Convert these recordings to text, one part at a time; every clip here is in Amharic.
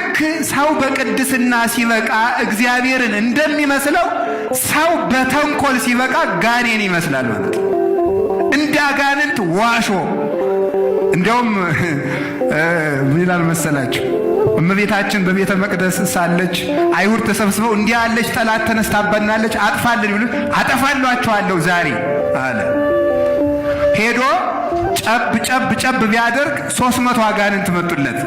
ልክ ሰው በቅድስና ሲበቃ እግዚአብሔርን እንደሚመስለው ሰው በተንኮል ሲበቃ ጋኔን ይመስላል ማለት ነው። እንደ አጋንንት ዋሾ እንዲያውም ይላል መሰላችሁ እመቤታችን በቤተ መቅደስ ሳለች አይሁድ ተሰብስበው እንዲህ ያለች ጠላት ተነስታበናለች፣ አጥፋልን ቢሉ አጠፋላችኋለሁ ዛሬ አለ። ሄዶ ጨብ ጨብ ጨብ ቢያደርግ ሶስት መቶ አጋንንት መጡለት።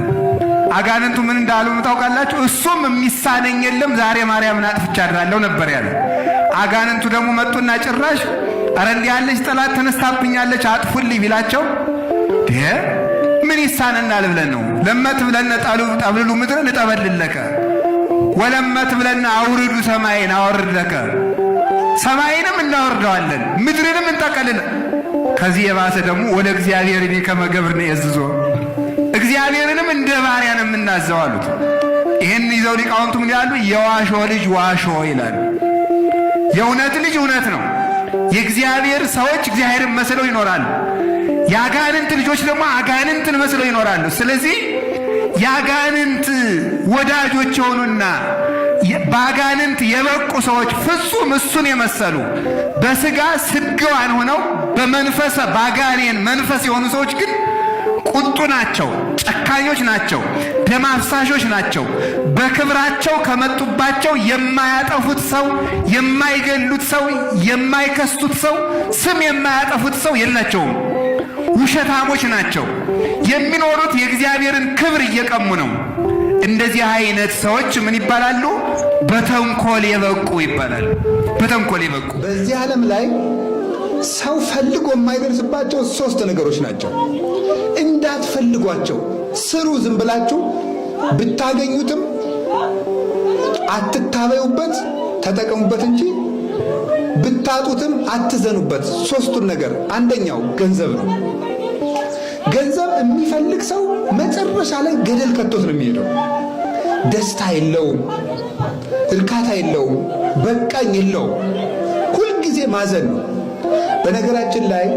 አጋንንቱ ምን እንዳሉ ታውቃላችሁ? እሱም የሚሳነኝ የለም ዛሬ ማርያምን አጥፍቻ አድራለሁ ነበር ያለ። አጋንንቱ ደግሞ መጡና ጭራሽ ኧረ እንዲህ ያለች ጠላት ተነስታብኛለች አጥፉልኝ ቢላቸው ምን ይሳነናል ብለን ነው። ለመት ብለነ ጠብልሉ ምድርን እንጠበልለከ ወለመት ብለነ አውርዱ ሰማይን አወርድለከ ሰማይንም እናወርደዋለን ምድርንም እንጠቀልለ ከዚህ የባሰ ደግሞ ወደ እግዚአብሔር እኔ ከመገብር ነው የዝዞ እንደ ባሪያ ነው የምናዘው አሉት። ይህን ይዘው ሊቃውንቱ ምን ያሉ? የዋሾ ልጅ ዋሾ ይላሉ። የእውነት ልጅ እውነት ነው። የእግዚአብሔር ሰዎች እግዚአብሔርን መስለው ይኖራሉ። የአጋንንት ልጆች ደግሞ አጋንንትን መስለው ይኖራሉ። ስለዚህ የአጋንንት ወዳጆች የሆኑና በአጋንንት የበቁ ሰዎች ፍጹም እሱን የመሰሉ በስጋ ስጋዋን ሆነው በመንፈሰ በአጋኔን መንፈስ የሆኑ ሰዎች ግን ቁጡ ናቸው፣ ጨካኞች ናቸው፣ ደም አፍሳሾች ናቸው። በክብራቸው ከመጡባቸው የማያጠፉት ሰው፣ የማይገሉት ሰው፣ የማይከሱት ሰው፣ ስም የማያጠፉት ሰው የላቸውም። ውሸታሞች ናቸው። የሚኖሩት የእግዚአብሔርን ክብር እየቀሙ ነው። እንደዚህ አይነት ሰዎች ምን ይባላሉ? በተንኮል የበቁ ይባላሉ። በተንኮል የበቁ በዚህ ዓለም ላይ ሰው ፈልጎ የማይደርስባቸው ሶስት ነገሮች ናቸው። እንዳትፈልጓቸው ስሩ። ዝም ብላችሁ ብታገኙትም አትታበዩበት፣ ተጠቀሙበት እንጂ ብታጡትም አትዘኑበት። ሶስቱን ነገር አንደኛው ገንዘብ ነው። ገንዘብ የሚፈልግ ሰው መጨረሻ ላይ ገደል ከቶት ነው የሚሄደው። ደስታ የለውም፣ እርካታ የለውም፣ በቃኝ የለውም። ሁልጊዜ ማዘን ነው። በነገራችን ላይ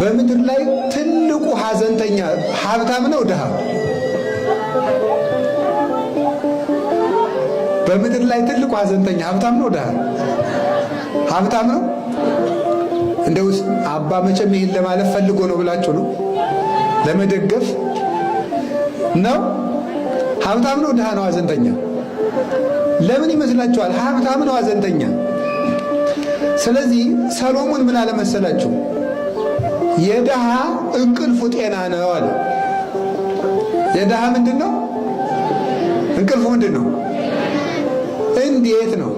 በምድር ላይ ትልቁ ሀዘንተኛ ሀብታም ነው ድሃ? በምድር ላይ ትልቁ ሀዘንተኛ ሀብታም ነው ድሃ? ሀብታም ነው። እንደው አባ መቼም ይሄን ለማለፍ ፈልጎ ነው ብላችሁ ነው ለመደገፍ ነው። ሀብታም ነው ድሃ ነው ሀዘንተኛ ለምን ይመስላችኋል? ሀብታም ነው ሀዘንተኛ? ስለዚህ ሰሎሞን ምን አለመሰላችሁ? የድሃ እንቅልፉ ጤና ነው አለ። የድሃ ምንድን ነው እንቅልፉ? ምንድን ነው? እንዴት ነው?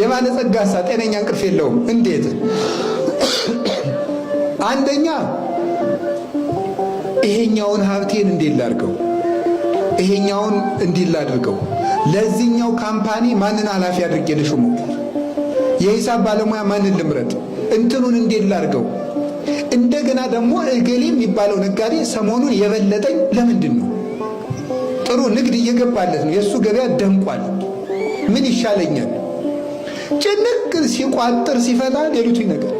የባለጸጋሳ ጤነኛ እንቅልፍ የለውም። እንዴት? አንደኛ ይሄኛውን ሀብቴን እንዴት ላድርገው፣ ይሄኛውን እንዲህ ላድርገው፣ ለዚህኛው ካምፓኒ ማንን ኃላፊ አድርጌ ልሹሙ የሂሳብ ባለሙያ ማንን ልምረጥ? እንትኑን እንዴት ላርገው? እንደገና ደግሞ እገሌ የሚባለው ነጋዴ ሰሞኑን የበለጠኝ ለምንድን ነው? ጥሩ ንግድ እየገባለት ነው፣ የእሱ ገበያ ደምቋል። ምን ይሻለኛል? ጭንቅ ሲቋጥር ሲፈታ ሌሉት ነገር?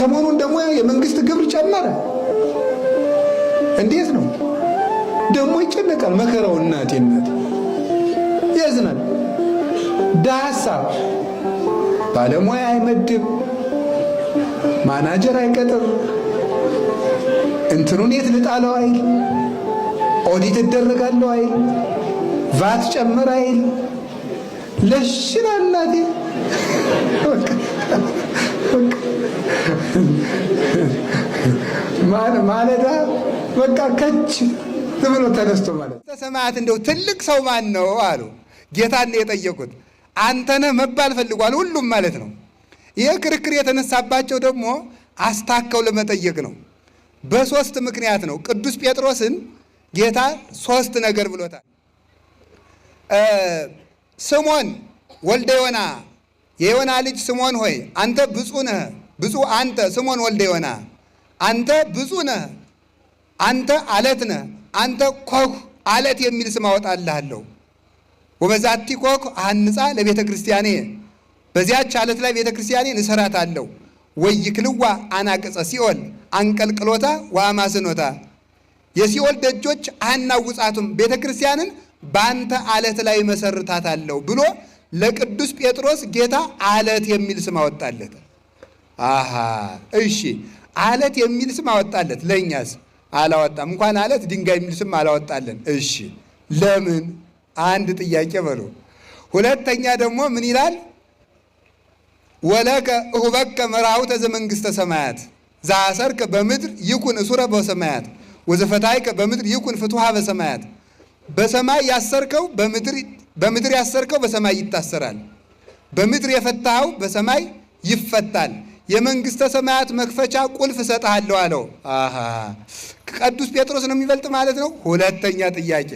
ሰሞኑን ደግሞ የመንግስት ግብር ጨመረ። እንዴት ነው ደግሞ ይጨነቃል። መከራው እናቴ እናቴ ያዝናል። ዳሳ ባለሙያ አይመድብ፣ ማናጀር አይቀጥር፣ እንትኑን የት ልጣለው አይል፣ ኦዲት እደረጋለሁ አይል፣ ቫት ጨምር አይል። ለሽን አላቴ ማለዳ በቃ ከች ብሎ ተነስቶ ማለት ሰማያት እንደው ትልቅ ሰው ማን ነው አሉ ጌታን የጠየቁት። አንተነህ መባል ፈልጓል ሁሉም ማለት ነው። ይህ ክርክር የተነሳባቸው ደግሞ አስታከው ለመጠየቅ ነው። በሶስት ምክንያት ነው። ቅዱስ ጴጥሮስን ጌታ ሶስት ነገር ብሎታል። ስሞን ወልደ ዮና፣ የዮና ልጅ ስሞን ሆይ አንተ ብፁ ነህ። ብፁ አንተ ስሞን ወልደ ዮና፣ አንተ ብፁ ነህ። አንተ አለት ነህ። አንተ ኮህ አለት የሚል ስም አወጣልሃለሁ ወበዛቲ ኮክ አንጻ ለቤተ ክርስቲያኔ በዚያች አለት ላይ ቤተ ክርስቲያኔን ወይ ክልዋ አናቅጸ ሲኦል አንቀልቅሎታ ወአማስኖታ የሲኦል ደጆች አናውጻቱም፣ ቤተ ክርስቲያንን በአንተ አለት ላይ መሰርታታለሁ ብሎ ለቅዱስ ጴጥሮስ ጌታ አለት የሚል ስም አወጣለት። አሃ እሺ፣ አለት የሚል ስም አወጣለት። ለእኛስ አላወጣም። እንኳን አለት ድንጋይ የሚል ስም አላወጣለን። እሺ ለምን? አንድ ጥያቄ በሉ። ሁለተኛ ደግሞ ምን ይላል? ወለከ እሁበከ መራውተ ዘመንግስተ ሰማያት ዛሰርከ በምድር ይኩን እሱረ በሰማያት ወዘፈታይከ በምድር ይኩን ፍትሃ በሰማያት። በሰማይ ያሰርከው በምድር ያሰርከው በሰማይ ይታሰራል፣ በምድር የፈታኸው በሰማይ ይፈታል። የመንግስተ ሰማያት መክፈቻ ቁልፍ እሰጥሃለሁ አለው። ቅዱስ ጴጥሮስ ነው የሚበልጥ ማለት ነው። ሁለተኛ ጥያቄ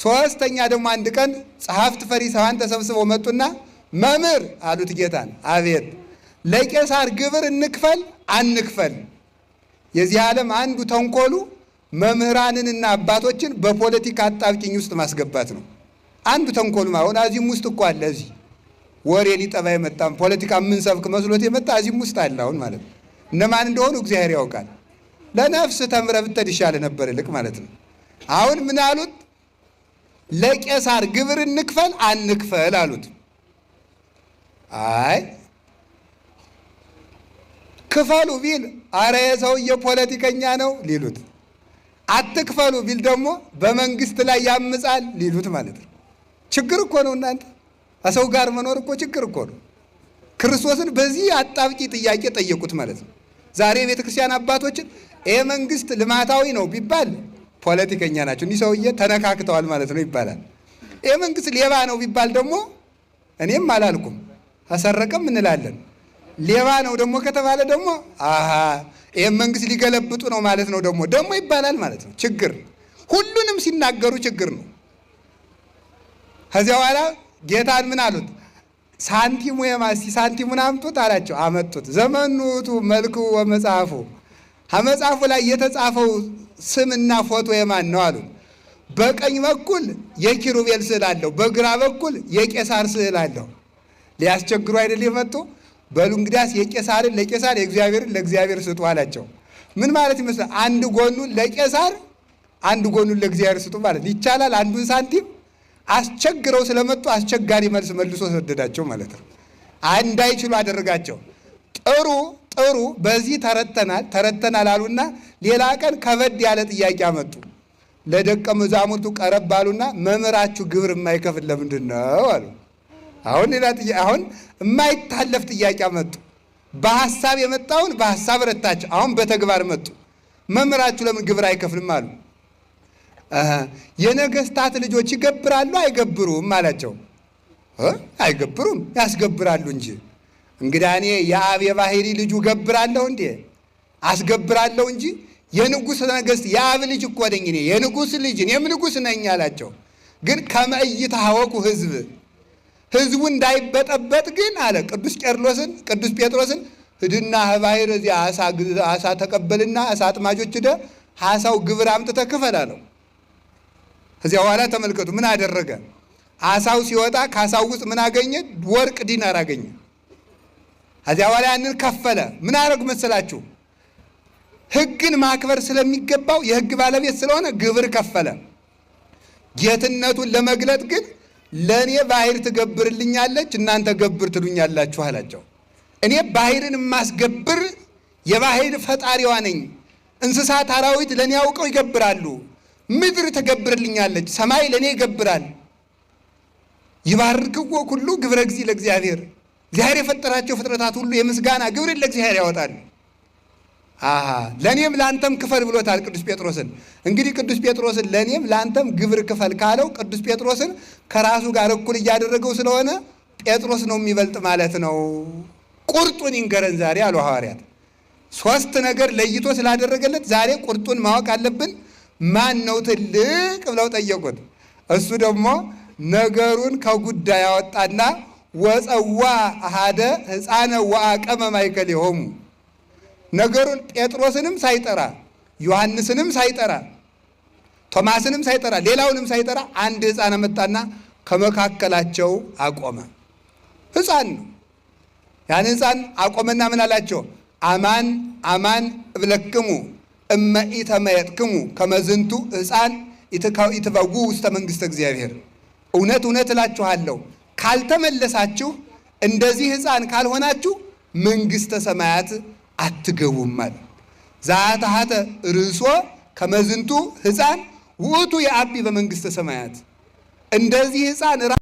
ሶስተኛ ደግሞ አንድ ቀን ጸሐፍት ፈሪሳውያን ተሰብስበው መጡና መምህር አሉት ጌታን፣ አቤት ለቄሳር ግብር እንክፈል አንክፈል? የዚህ ዓለም አንዱ ተንኮሉ መምህራንንና አባቶችን በፖለቲካ አጣብቂኝ ውስጥ ማስገባት ነው። አንዱ ተንኮሉ አሁን አዚህም ውስጥ እኮ አለ። እዚህ ወሬ ሊጠባ የመጣም ፖለቲካ የምንሰብክ መስሎት የመጣ አዚህም ውስጥ አለ። አሁን ማለት ነው። እነማን እንደሆኑ እግዚአብሔር ያውቃል። ለነፍስ ተምረ ብትሄድ ይሻልህ ነበር ይልቅ ማለት ነው። አሁን ምን አሉት? ለቄሳር ግብር እንክፈል አንክፈል አሉት። አይ ክፈሉ ቢል አረ የሰውዬ ፖለቲከኛ ነው ሊሉት፣ አትክፈሉ ቢል ደግሞ በመንግስት ላይ ያምጻል ሊሉት ማለት ነው። ችግር እኮ ነው እናንተ ከሰው ጋር መኖር እኮ ችግር እኮ ነው። ክርስቶስን በዚህ አጣብቂ ጥያቄ ጠየቁት ማለት ነው። ዛሬ የቤተክርስቲያን አባቶችን ይህ መንግስት ልማታዊ ነው ቢባል ፖለቲከኛ ናቸው። እኒህ ሰውዬ ተነካክተዋል ማለት ነው ይባላል። ይህ መንግስት ሌባ ነው ቢባል ደግሞ እኔም አላልኩም አሰረቀም እንላለን። ሌባ ነው ደግሞ ከተባለ ደግሞ አሀ መንግስት ሊገለብጡ ነው ማለት ነው ደግሞ ደግሞ ይባላል ማለት ነው። ችግር ሁሉንም ሲናገሩ ችግር ነው። ከዚያ በኋላ ጌታን ምን አሉት? ሳንቲሙ የማስቲ ሳንቲሙን አምጡት አላቸው። አመጡት። ዘመኑቱ መልኩ ወመጽሐፉ ከመጽሐፉ ላይ የተጻፈው ስምና ፎቶ የማን ነው አሉ። በቀኝ በኩል የኪሩቤል ስዕል አለው፣ በግራ በኩል የቄሳር ስዕል አለው። ሊያስቸግሩ አይደል የመጡ በሉ እንግዲያስ የቄሳርን ለቄሳር የእግዚአብሔርን ለእግዚአብሔር ስጡ አላቸው። ምን ማለት ይመስላል? አንድ ጎኑን ለቄሳር አንድ ጎኑን ለእግዚአብሔር ስጡ ማለት ይቻላል? አንዱን ሳንቲም አስቸግረው ስለመጡ አስቸጋሪ መልስ መልሶ ሰደዳቸው ማለት ነው። እንዳይችሉ አደረጋቸው ጥሩ ጥሩ በዚህ ተረተናል ተረተናል አሉና ሌላ ቀን ከበድ ያለ ጥያቄ አመጡ። ለደቀ መዛሙርቱ ቀረብ አሉና መምህራችሁ ግብር የማይከፍል ለምንድን ነው አሉ። አሁን ሌላ አሁን የማይታለፍ ጥያቄ አመጡ። በሀሳብ የመጣውን በሀሳብ ረታቸው። አሁን በተግባር መጡ። መምህራችሁ ለምን ግብር አይከፍልም አሉ። የነገስታት ልጆች ይገብራሉ አይገብሩም አላቸው። አይገብሩም ያስገብራሉ እንጂ እንግዳ እኔ የአብ የባህሪ ልጁ ገብራለሁ እንዴ? አስገብራለሁ እንጂ የንጉሥ ነገሥት የአብ ልጅ እኮ ነኝ እኔ የንጉሥ ልጅ እኔም ንጉሥ ነኝ አላቸው። ግን ከመእይት አወቁ ህዝብ ህዝቡ እንዳይበጠበጥ ግን አለ ቅዱስ ቄርሎስን ቅዱስ ጴጥሮስን ሂድና ህባይር እዚያ አሳ ተቀበልና አሳ አጥማጆች ደ ሐሳው ግብር አምጥተ ክፈል አለው። እዚያ በኋላ ተመልከቱ ምን አደረገ። አሳው ሲወጣ ከአሳው ውስጥ ምን አገኘ? ወርቅ ዲናር አገኘ። ከዚያ በኋላ ያንን ከፈለ። ምን አድረግ መሰላችሁ? ህግን ማክበር ስለሚገባው የህግ ባለቤት ስለሆነ ግብር ከፈለ። ጌትነቱን ለመግለጥ ግን ለእኔ ባህር ትገብርልኛለች፣ እናንተ ገብር ትሉኛላችሁ አላቸው። እኔ ባህርን የማስገብር የባሕር ፈጣሪዋ ነኝ። እንስሳት አራዊት ለእኔ አውቀው ይገብራሉ። ምድር ትገብርልኛለች፣ ሰማይ ለእኔ ይገብራል። ይባርክዎ ኩሉ ግብረ እግዚእ ለእግዚአብሔር እግዚአብሔር የፈጠራቸው ፍጥረታት ሁሉ የምስጋና ግብርን ለእግዚአብሔር ያወጣሉ። ለእኔም ለአንተም ክፈል ብሎታል ቅዱስ ጴጥሮስን። እንግዲህ ቅዱስ ጴጥሮስን ለእኔም ለአንተም ግብር ክፈል ካለው ቅዱስ ጴጥሮስን ከራሱ ጋር እኩል እያደረገው ስለሆነ ጴጥሮስ ነው የሚበልጥ ማለት ነው። ቁርጡን ይንገረን ዛሬ አሉ ሐዋርያት። ሶስት ነገር ለይቶ ስላደረገለት ዛሬ ቁርጡን ማወቅ አለብን። ማን ነው ትልቅ ብለው ጠየቁት። እሱ ደግሞ ነገሩን ከጉዳይ ያወጣና ወፀዋ አሃደ ሕፃነ ወአቀመ የሆሙ ነገሩን ጴጥሮስንም ሳይጠራ ዮሐንስንም ሳይጠራ ቶማስንም ሳይጠራ ሌላውንም ሳይጠራ አንድ ህፃን መጣና ከመካከላቸው አቆመ። ሕፃን ነው። ያን ሕፃን አቆመና ምን አላቸው? አማን አማን እብለክሙ እመኢተመየጥክሙ ከመዝንቱ ህፃን ይትበጉ ውስተ መንግሥተ እግዚአብሔር። እውነት እውነት እላችኋለሁ ካልተመለሳችሁ እንደዚህ ሕፃን ካልሆናችሁ መንግሥተ ሰማያት አትገቡማል። አለ። ዛታሃተ ርእሶ ከመዝንቱ ሕፃን ውእቱ የአቢ በመንግሥተ ሰማያት እንደዚህ ሕፃን